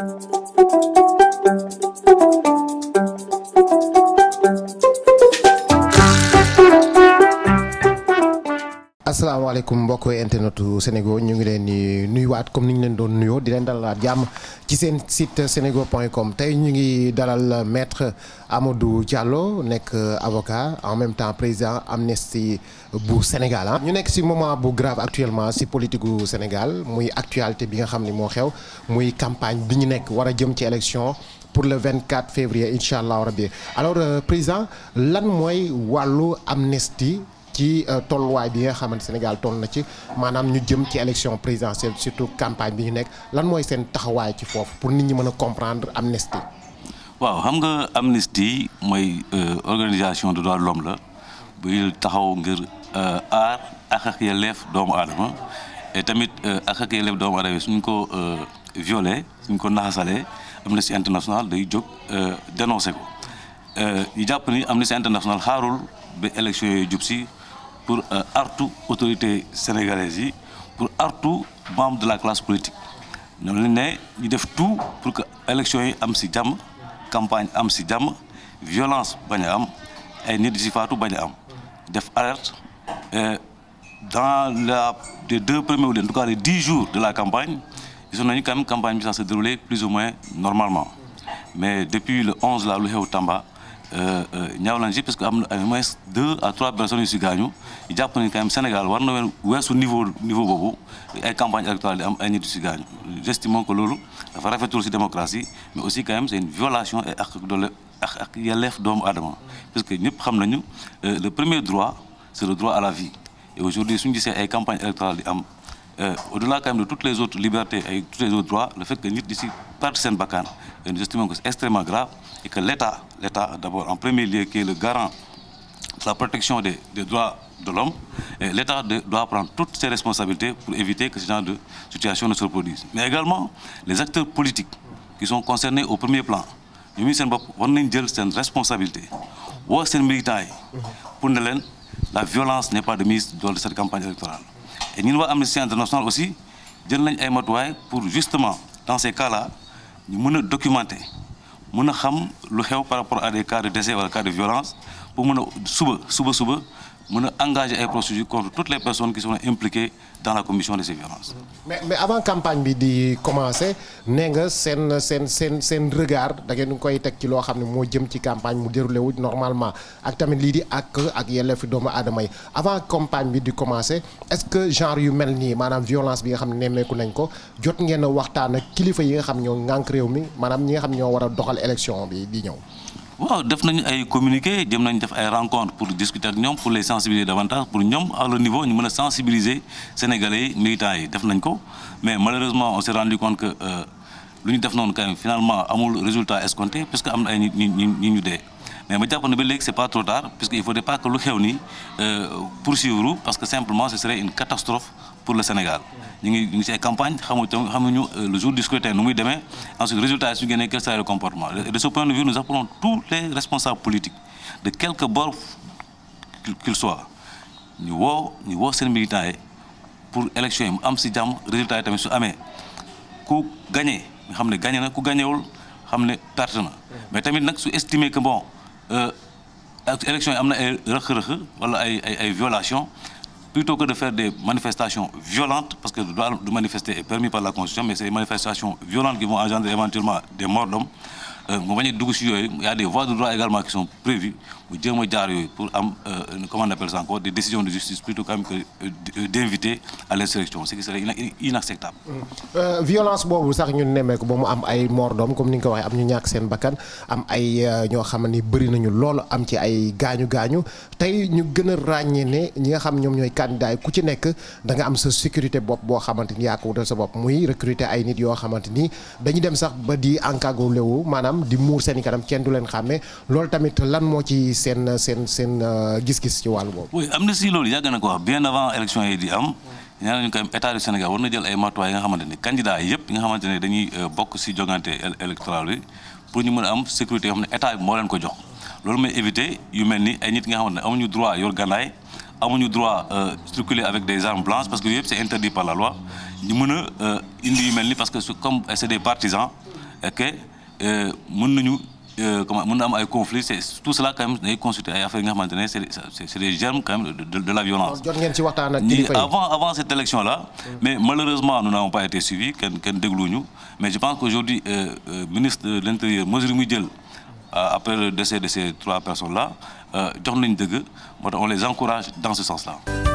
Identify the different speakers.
Speaker 1: Thank you.
Speaker 2: asalaamaaleykum mbokk internetu Sénégal ñu ngi leen di nuyuwaat comme ni ñu leen doon nuyoo di leen dalalaat jàmm ci seen site senego.com tey ñu ngi dalal maître Amadou Diallo nekk avocat en même temps président Amnesty bu Sénégal ah. ñu nekk si moment bu grave actuellement si politique Sénégal muy actualité bi nga xam ni moo xew muy campagne bi ñu nekk war a jëm ci élection. pour le 24 février incha allah rabi alors euh, président lan mooy wàllu amnistie ci euh, tolluwaay bi nga xamante Sénégal toll na ci maanaam ñu jëm ci élection présidentielle surtout campagne bi ñu nekk lan mooy seen taxawaay ci foofu pour nit ñi mën a comprendre amnistie.
Speaker 1: waaw xam nga amnistie mooy euh, organisation de droits de l'homme la buy taxaw ngir euh, aar ak ak yelleef doomu aadama tamit ak ak yelleef doomu aadama suñ ko violé suñ ko naxasalee amnistie internationale day jóg dénoncé ko ñu jàpp ni amnistie internationale xaarul ba élection yooyu pour euh, artu autorité sénégalaise yi pour artu membre de la classe politique ñoom lañ ne ñu def tout pour que élection yi am si jàmm campagne am si jàmm violence bañ am ay nit ci faatu bañ am def alerte euh, dans la les deux premiers ou en tout cas de la campagne gisoon nañu quand même campagne bi se dérouler plus ou moins normalement mais depuis le 11 lu xew Tamba Niawlan euh, euh, ji parce que am na au moins deux à trois personnes yu si gaañu jàpp nañu quand Sénégal war na weesu niveau niveau boobu ay campagne électorale di am ay nit yu si gaañu j'estime que loolu dafa rafetul si démocratie mais aussi quand même c'est une violation ak doole doomu aadama parce que ñëpp xam nañu euh, le premier droit c'est le droit à la vie et aujourd'hui suñu gisee ay campagne électorale di am au-delà quand de toutes les autres libertés et tous les autres droits le fait que nit et que l'État, l'État d'abord en premier lieu qui est le garant de la protection des, des droits de l'homme, l'État doit prendre toutes ses responsabilités pour éviter que ce genre de situation ne se reproduise. Mais également les acteurs politiques qui sont concernés au premier plan ñu muy seen bopp war nañ jël seen responsabilité woo seen militants yi pour ne leen la violence n'est pas de mise dans cette campagne électorale et ñun waa Amnesty International aussi jël nañ ay matuwaay pour justement dans ces cas-là ñu mën a documenter mun a xam lu xew par rapport à des cas de décès wala cas de violence pour mën a suba suba suba mën a engagé ay procédures contre toutes les personnes qui sont impliquées dans la commission de ces violences.
Speaker 2: mais mais avant campagne bi di commencer nee nga seen seen seen seen regard da ngeen koy teg ci loo xam ne moo jëm ci campagne mu déroulé wu normalement ak tamit lii di ak ak yelleefu doomu aadama yi avant campagne bi di commencer est-ce que genre yu mel nii maanaam violence bi nga xam ne nemmeeku nañ ko jot ngeen a waxtaan ak kilifa yi nga xam ñoo ŋànk réew mi maanaam ñi nga xam ñoo war a doxal élection bi di ñëw.
Speaker 1: waaw def nañu ay communiqué jëm nañ def ay rencontre pour discuter ak ñoom pour les sensibiliser davantage pour ñoom à leur niveau ñu mën a sensibiliser sénégalais yi militants yi def nañ ko mais malheureusement on s'est rendu compte que euh, lu ñu def noonu quand même finalement amul résultat escompté parce que am ay nit ñi ñu ñu dee mais ma jàpp ne léegi c'est pas trop tard puisque il faudrait pas que lu xew nii euh, poursuivre parce que simplement ce serait une catastrophe pour le Sénégal ñu ngi ñu ngi ci ay campagne xamu xamuñu euh, le jour du scrutin nu muy demee ensuite résultat yi su génnee quel sera le comportement de ce point de vue nous appelons tous les responsables politiques de quelque bord qu'il soit ñu woo ñu woo seen militants yi pour élection yi mu am si jàmm résultat yi tamit su amee ku gagné nga xam ne gagné na ku gagnéwul ak euh, élection yi am na ay rëq-rëq wala ay ay ay violations plutôt que de faire des manifestations violentes parce que de manifester est permis par la constitution mais c'est des manifestations violentes qui vont engendrer éventuellement des morts d'hommes Euh, mu bañ a dugg si yooyu y a des voies de droit également qui sont prévues mu jéem a jaar yooyu pour am euh, comment on appelle ça encore des décisions de justice plutôt quand même que euh, d'inviter à l'insurrection ce qui serait inacceptable
Speaker 2: mm. violence boobu sax ñun nemmeeku ba mu am ay mort d'homme comme ni nga ko waxee am ñu ñàkk seen bakkan am ay ñoo xam ne bëri nañu loolu am ci ay gaañu gaañu tey ñu gën a ràññee ne ñi nga xam ñoom ñooy candidat yi ku ci nekk danga am sa sécurité bopp boo xamante ni yaa ko wutal sa bopp muy récurité ay nit yoo xamante ni dañu dem sax ba di encagoulé wu maanaam di muur seen i kanam kenn du leen xàmmee loolu tamit lan moo ci seen seen seen euh, gis-gis ci wàllu boobu.
Speaker 1: am na si loolu yàgg na ko wax bien avant élection yi di am. ñaan nañu ko état du Sénégal war na jël ay matuwaay yi nga xamante ni candidat yëpp nga xamante ne dañuy euh, bokk si jogante électoral pour ñu mën a am sécurité yoo xam ne état bi moo leen ko jox loolu mooy éviter yu mel ni ay nit nga xamante ne amuñu droit yor gannaay amuñu droit euh, circuler avec des armes blanches parce que yëpp c'est interdit par la ñu mën a indi yu mel ni parce que comme c'est des partisans Euh, mën nañu euh, comment mën na am ay conflits c'est tout cela quand même day constitué ay affaires yi nga xamante ne c'est c'est des germes quand même de de, la violence. avant cette élection là. Mm. mais malheureusement nous n'avons pas été suivis kenn kenn dégluwuñu mais je pense qu'aujourd'hui euh, euh, ministre de l'intérieur mesure muy jël. Euh, après le décès de ces trois personnes là jox nañu dëgg moo on les encourage dans ce sens là.